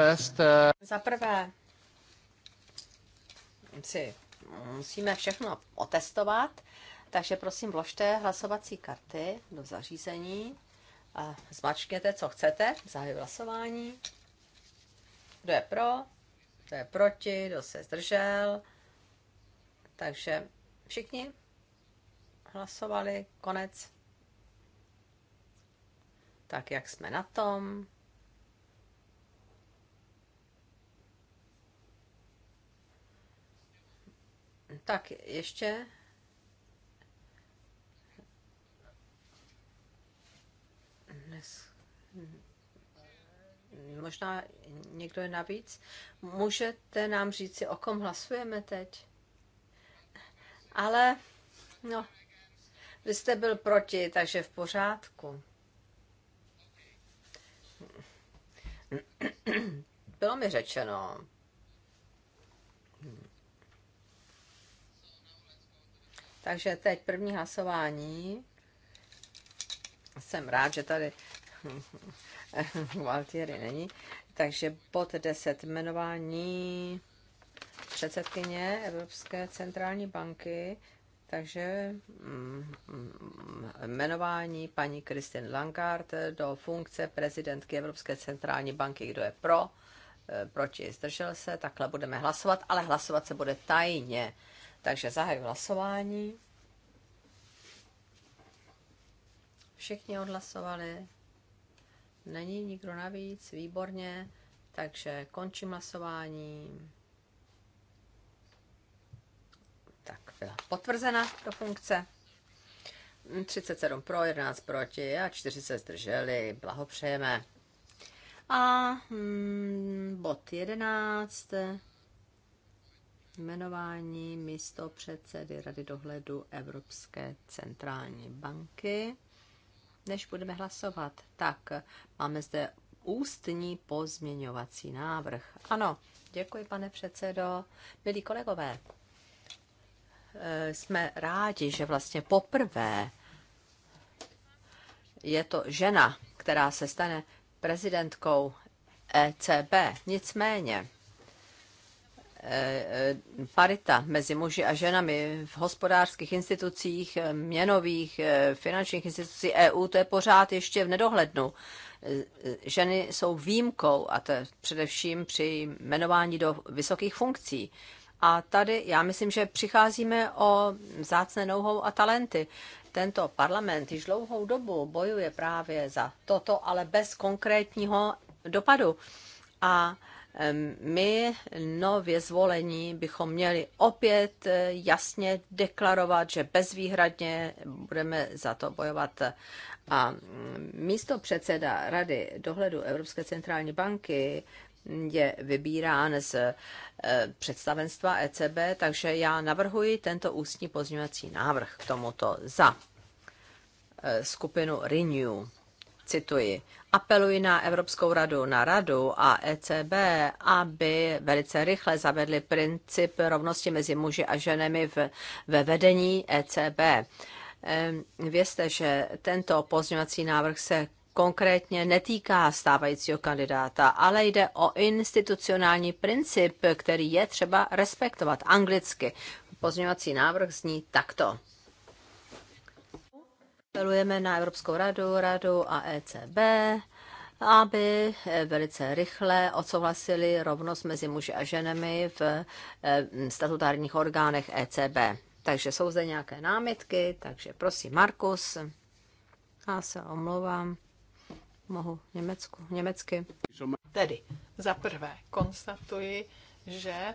first, eh, Za prvé si musíme všechno otestovat, takže prosím vložte hlasovací karty do zařízení a zmačkněte, co chcete, zahajuji hlasování. Kdo je pro, kdo je proti, kdo se zdržel. Takže všichni hlasovali, konec. Tak jak jsme na tom? Tak ještě dnes. Možná někdo je navíc. Můžete nám říct, o kom hlasujeme teď? Ale, no, vy jste byl proti, takže v pořádku. Bylo mi řečeno, Takže teď první hlasování. Jsem rád, že tady Gualtieri není. Takže bod 10 jmenování předsedkyně Evropské centrální banky. Takže mm, jmenování paní Kristin Langard do funkce prezidentky Evropské centrální banky. Kdo je pro? Eh, proti? Zdržel se? Takhle budeme hlasovat, ale hlasovat se bude tajně. Takže zahajuji hlasování. Všichni odhlasovali. Není nikdo navíc, výborně. Takže končím hlasování. Tak, byla potvrzena do funkce. 37 pro, 11 proti a 4 se zdrželi. Blahopřejeme. A hmm, bod 11 jmenování místo předsedy Rady dohledu Evropské centrální banky. Než budeme hlasovat, tak máme zde ústní pozměňovací návrh. Ano, děkuji, pane předsedo. Milí kolegové, eh, jsme rádi, že vlastně poprvé je to žena, která se stane prezidentkou ECB. Nicméně, Eh, eh, parita mezi muži a ženami v hospodářských institucích, eh, měnových, finančních institucí EU, to je pořád ještě v nedohlednu. Ženy jsou výjimkou, a to především při jmenování do vysokých funkcí. A tady já myslím, že přicházíme o zácné nouhou a talenty. Tento parlament již dlouhou dobu bojuje právě za toto, ale bez konkrétního dopadu. A my nově zvolení bychom měli opět eh, jasně deklarovat, že bezvýhradně budeme za to bojovat. A mm, místo předseda Rady dohledu Evropské centrální banky je vybírán z eh, představenstva ECB, takže já navrhuji tento ústní pozměňovací návrh k tomuto za eh, skupinu Renew cituji, apeluji na Evropskou radu, na radu a ECB, aby velice rychle zavedli princip rovnosti mezi muži a ženami v, ve vedení ECB. Vězte, že tento pozměňovací návrh se konkrétně netýká stávajícího kandidáta, ale jde o institucionální princip, který je třeba respektovat anglicky. Pozměňovací návrh zní takto apelujeme na Evropskou radu, radu a ECB, aby velice rychle odsouhlasili rovnost mezi muži a ženami v eh, statutárních orgánech ECB. Takže jsou zde nějaké námitky, takže prosím, Markus. Já se omlouvám. Mohu Německu, německy. Tedy, za prvé konstatuji, že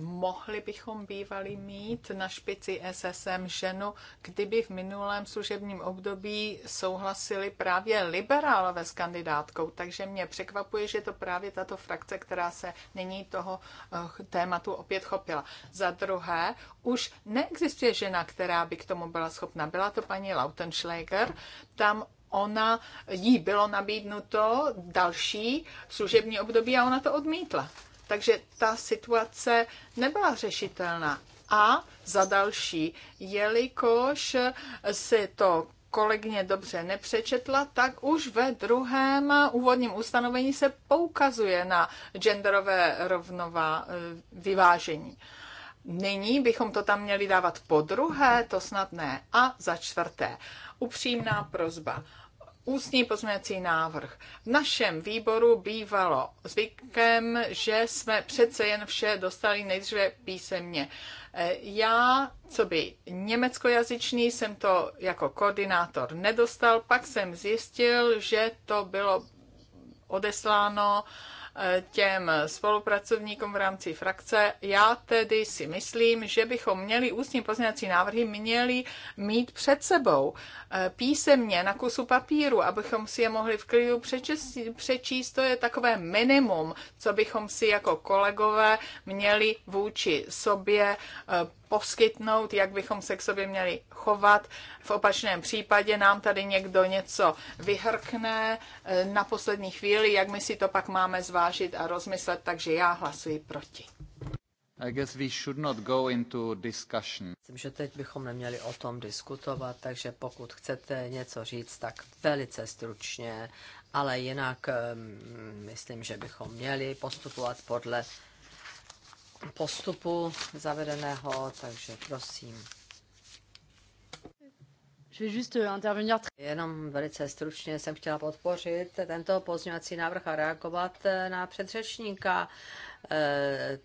mohli bychom bývali mít na špici SSM ženu, kdyby v minulém služebním období souhlasili právě liberálové s kandidátkou. Takže mě překvapuje, že to právě tato frakce, která se nyní toho eh, tématu opět chopila. Za druhé, už neexistuje žena, která by k tomu byla schopna. Byla to paní Lautenschläger, tam ona, jí bylo nabídnuto další služební období a ona to odmítla. Takže ta situace nebyla řešitelná. A za další, jelikož si to kolegyně dobře nepřečetla, tak už ve druhém úvodním ustanovení se poukazuje na genderové rovnová eh, vyvážení. Nyní bychom to tam měli dávat po druhé, to snad ne. A za čtvrté, upřímná prozba ústní pozměňovací návrh. V našem výboru bývalo zvykem, že jsme přece jen vše dostali nejdříve písemně. E, já, co by německojazyčný, jsem to jako koordinátor nedostal, pak jsem zjistil, že to bylo odesláno uh, těm spolupracovníkům v rámci frakce. Já tedy si myslím, že bychom měli ústní pozměňovací návrhy měli mít před sebou eh, písemně na kusu papíru, abychom si je mohli v klidu přečíst, přečíst. To je takové minimum, co bychom si jako kolegové měli vůči sobě eh, poskytnout, jak bychom se k sobě měli chovat. V opačném případě nám tady někdo něco vyhrkne eh, na poslední chvíli, jak my si to pak máme zvážit a rozmyslet, takže já hlasuji proti. I guess we should not go into discussion. Myslím, že teď bychom neměli o tom diskutovat, takže pokud chcete něco říct, tak velice stručně, ale jinak ehm, myslím, že bychom měli postupovat podle postupu zavedeného, takže prosím. Euh, Jenom velice stručně jsem chtěla podpořit tento pozměňovací návrh a reagovat eh, na předřečníka. Eh,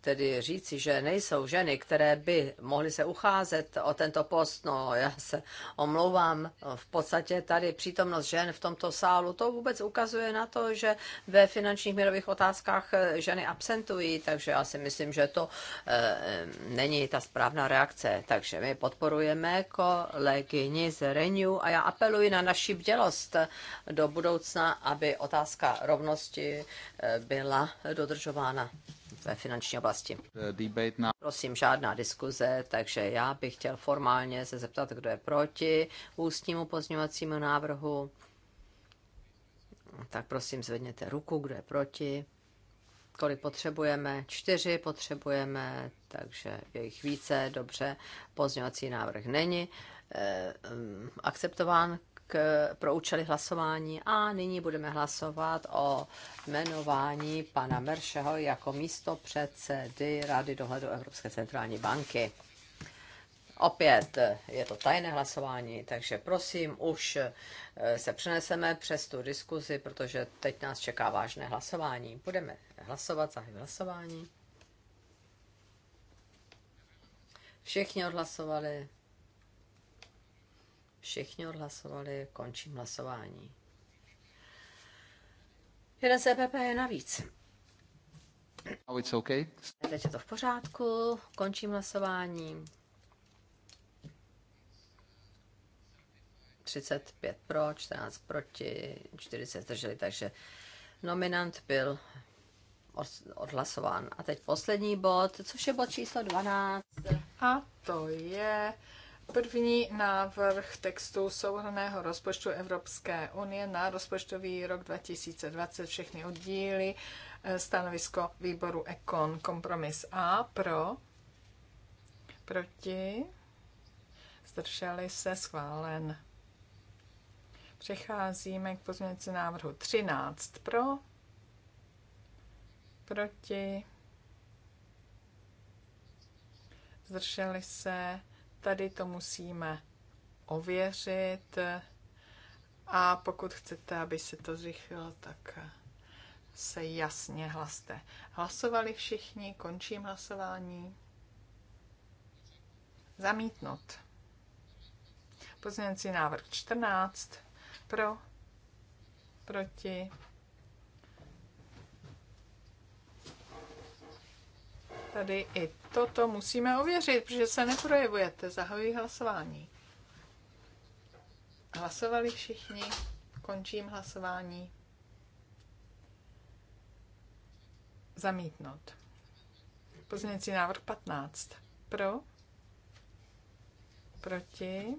tedy říci, že nejsou ženy, které by mohly se ucházet o tento post, no já se omlouvám, v podstatě tady přítomnost žen v tomto sálu, to vůbec ukazuje na to, že ve finančních mírových otázkách eh, ženy absentují, takže já si myslím, že to eh, není ta správná reakce. Takže my podporujeme kolegyni z Renew a já apeluji na naši bdělost do budoucna, aby otázka rovnosti byla dodržována ve finanční oblasti. Eh, prosím, žádná diskuze, takže já bych chtěl formálně se zeptat, kdo je proti ústnímu pozměňovacímu návrhu. Tak prosím, zvedněte ruku, kdo je proti. Kolik potřebujeme? Čtyři potřebujeme, takže je jich více, dobře. Pozměňovací návrh není eh, mm, akceptován k, pro účely hlasování a nyní budeme hlasovat o jmenování pana Meršeho jako místo předsedy Rady dohledu Evropské centrální banky. Opět je to tajné hlasování, takže prosím, už eh, se přeneseme přes tu diskuzi, protože teď nás čeká vážné hlasování. Budeme hlasovat, zahajím hlasování. Všichni odhlasovali. Všichni odhlasovali, končím hlasování. Jeden CPP e je navíc. Now it's okay. Teď je to v pořádku, končím hlasování. 35 pro, 14 proti, 40 zdrželi, takže nominant byl odhlasován. A teď poslední bod, což je bod číslo 12. A to je První návrh textu souhrného rozpočtu Evropské unie na rozpočtový rok 2020 všechny oddíly, eh, stanovisko výboru EKON, kompromis A pro, proti, zdrželi se schválen. Přecházíme k pozměnici návrhu 13 pro, proti, zdrželi se Tady to musíme ověřit a pokud chcete, aby se to zrychlilo, tak se jasně hlaste. Hlasovali všichni, končím hlasování. Zamítnout. Pozměňovací návrh 14. Pro, proti, tady i toto musíme ověřit, protože se neprojevujete. Zahajuji hlasování. Hlasovali všichni. Končím hlasování. Zamítnout. Pozměnící návrh 15. Pro? Proti?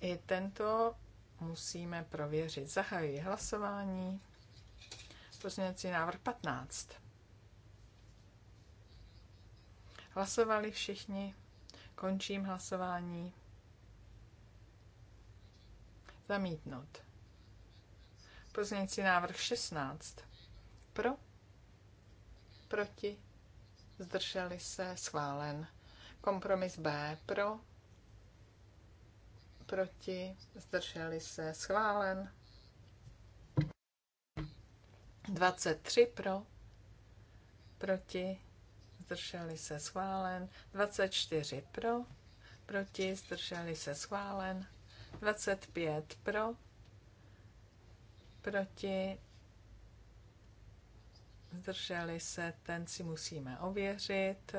I tento musíme prověřit. Zahajuji hlasování. Pozměnící návrh 15. Hlasovali všichni. Končím hlasování. Zamítnout. Pozměňující návrh 16. Pro? Proti? Zdrželi se? Schválen. Kompromis B. Pro? Proti? Zdrželi se? Schválen. 23 pro, proti, zdrželi se schválen, 24 pro, proti, zdrželi se schválen, 25 pro, proti, zdrželi se, ten si musíme ověřit,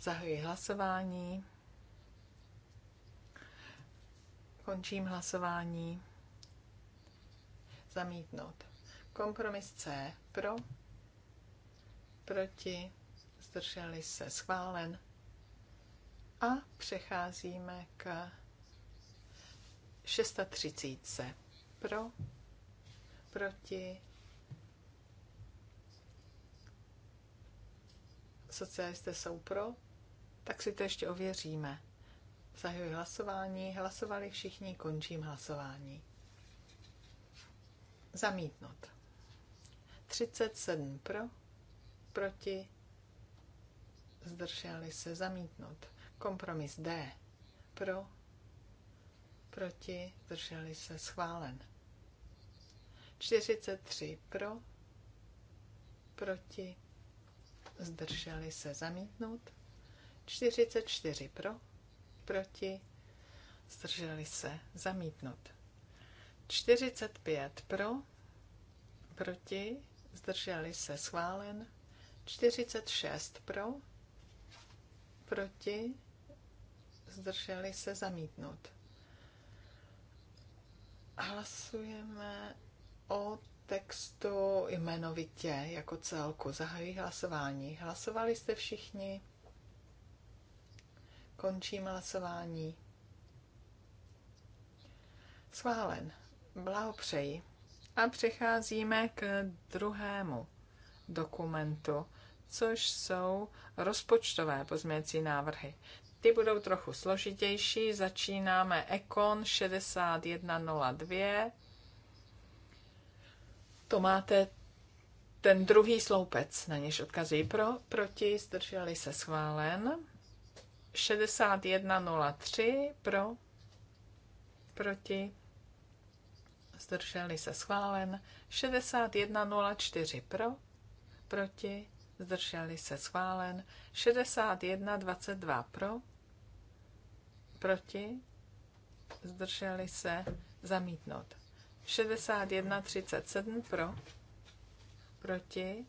zahajuji hlasování, končím hlasování, zamítnout. Kompromis C pro, proti, zdrželi se schválen. A přecházíme k 630. Pro, proti, socialisté jsou pro, tak si to ještě ověříme. Zahajuji hlasování, hlasovali všichni, končím hlasování. Zamítnout. 37 pro, proti, zdrželi se zamítnout. Kompromis D pro, proti, zdrželi se schválen. 43 pro, proti, zdrželi se zamítnout. 44 pro, proti, zdrželi se zamítnout. 45 pro, proti, zdrželi se schválen. 46 pro, proti, zdrželi se zamítnout. Hlasujeme o textu jmenovitě jako celku. Zahajují hlasování. Hlasovali jste všichni? Končím hlasování. Schválen. Blahopřeji. A přecházíme k druhému dokumentu což jsou rozpočtové pozměnící návrhy. Ty budou trochu složitější. Začínáme Econ 6102. To máte ten druhý sloupec, na něž odkazují pro, proti, zdrželi se schválen. 6103 pro, proti, zdrželi se schválen. 6104 pro, proti, zdrželi se schválen. 61, 22 pro, proti, zdrželi se zamítnout. 61, 37 pro, proti,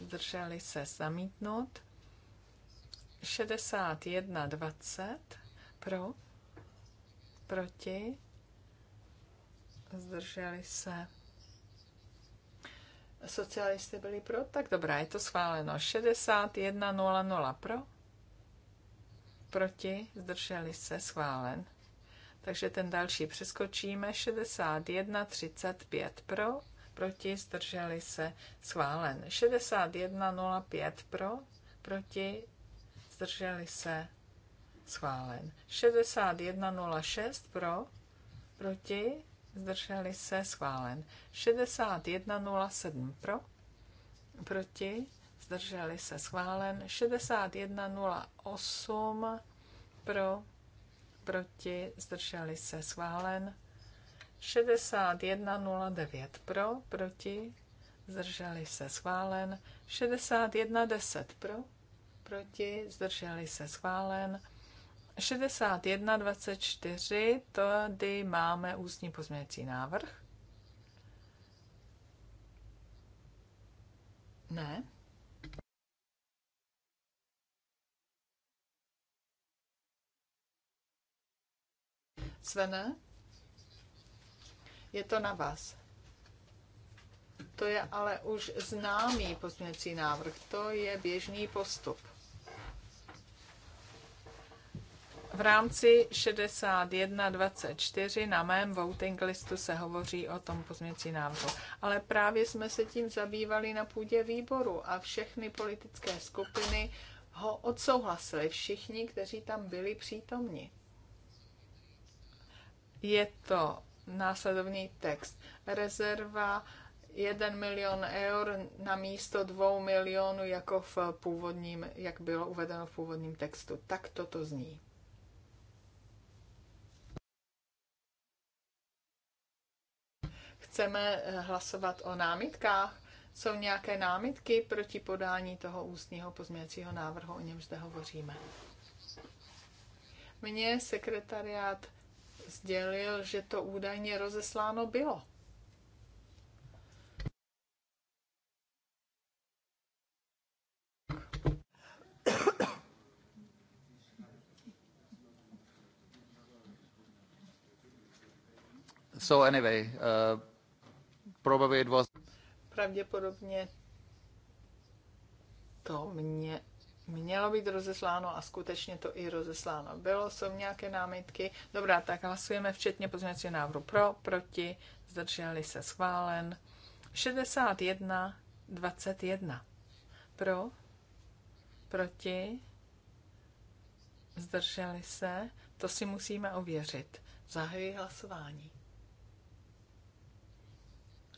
zdrželi se zamítnout. 61, 20 pro, proti, zdrželi se Socialisté byli pro? Tak dobrá, je to schváleno. 61.00 pro? Proti? Zdrželi se? Schválen. Takže ten další přeskočíme. 61.35 pro? Proti? Zdrželi se? Schválen. 61.05 pro? Proti? Zdrželi se? Schválen. 61.06 pro? Proti? zdrželi se, schválen. 6107 pro, proti, zdrželi se, schválen. 6108 pro, proti, zdrželi se, schválen. 6109 pro, proti, zdrželi se, schválen. 6110 pro, proti, zdrželi se, schválen. 61.24, tady máme ústní pozměňovací návrh. Ne. Svene, je to na vás. To je ale už známý pozměňovací návrh, to je běžný postup. V rámci 6124 na mém voting listu se hovoří o tom pozměcí návrhu. Ale právě jsme se tím zabývali na půdě výboru a všechny politické skupiny ho odsouhlasili, všichni, kteří tam byli přítomni. Je to následovný text. Rezerva 1 milion eur na místo 2 milionů, jako v původním, jak bylo uvedeno v původním textu. Tak toto zní. chceme eh, hlasovat o námitkách. Jsou nějaké námitky proti podání toho ústního pozměňovacího návrhu, o něm zde hovoříme. Mně sekretariát sdělil, že to údajně rozesláno bylo. So anyway, uh, Probably it was... Pravděpodobně to mě mělo být rozesláno a skutečně to i rozesláno bylo. Jsou nějaké námitky? Dobrá, tak hlasujeme včetně pozměňovacího návrhu pro, proti, zdrželi se schválen. 61, 21. Pro, proti, zdrželi se, to si musíme ověřit. Zahajuji hlasování.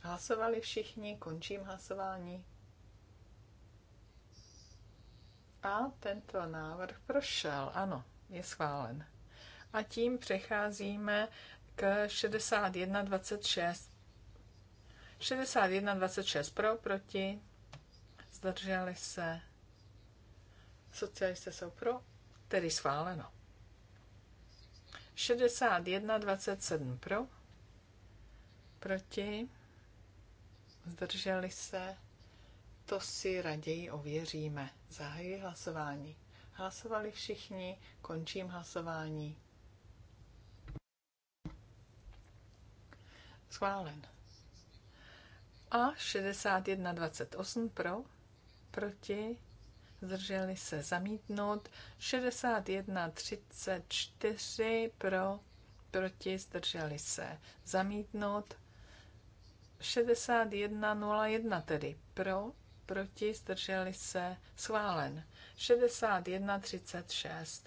Hlasovali všichni, končím hlasování. A tento návrh prošel, ano, je schválen. A tím přecházíme k 6126. 6126 pro, proti, zdrželi se, socialisté jsou pro, tedy schváleno. 6127 pro, proti, zdrželi se, to si raději ověříme. Zahajuji hlasování. Hlasovali všichni, končím hlasování. Schválen. A 61,28 pro, proti, zdrželi se zamítnout, 61,34 pro, proti, zdrželi se zamítnout, 61.01 tedy pro, proti, zdrželi se, schválen. 61.36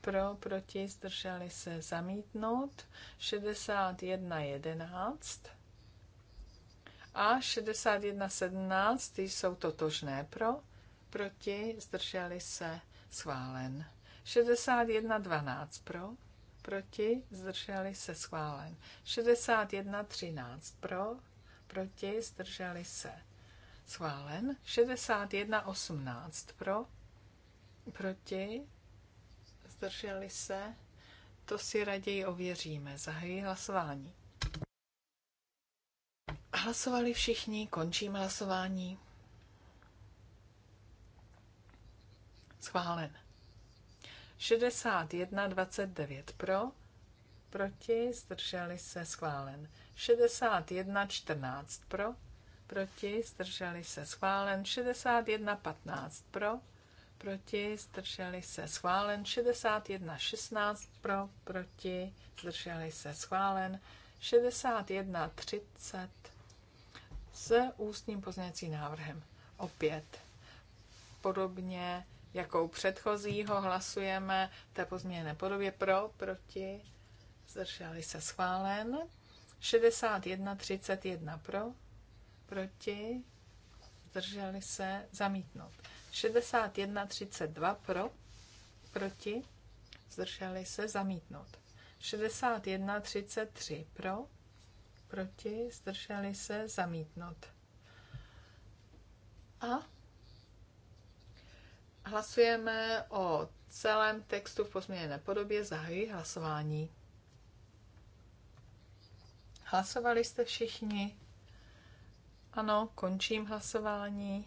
pro, proti, zdrželi se, zamítnout. 61.11 a 61.17, ty jsou totožné pro, proti, zdrželi se, schválen. 61.12 pro, proti, zdrželi se, schválen. 61.13 pro, proti, zdrželi se. Schválen. 61.18 pro, proti, zdrželi se. To si raději ověříme. Zahají hlasování. Hlasovali všichni, končím hlasování. Schválen. 61.29 pro, proti, zdrželi se schválen. 61, 14 pro, proti, zdrželi se schválen. 61, 15 pro, proti, zdrželi se schválen. 61, 16 pro, proti, zdrželi se schválen. 61, 30 s ústním pozměňovacím návrhem. Opět podobně jako u předchozího hlasujeme té pozměněné podobě pro, proti, zdrželi se schválen. 61,31 pro, proti, zdrželi se zamítnout. 61,32 pro, proti, zdrželi se zamítnout. 61,33 pro, proti, zdrželi se zamítnout. A hlasujeme o celém textu v pozměněné podobě, zahajuji hlasování. Hlasovali jste všichni? Ano, končím hlasování.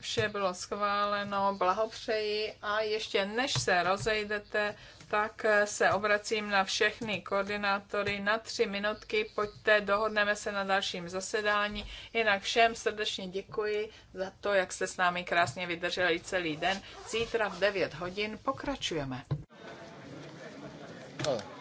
Vše bylo schváleno, blahopřeji a ještě než se rozejdete, tak se obracím na všechny koordinátory na tři minutky. Pojďte, dohodneme se na dalším zasedání. Jinak všem srdečně děkuji za to, jak jste s námi krásně vydrželi celý den. Zítra v 9 hodin pokračujeme. Oh.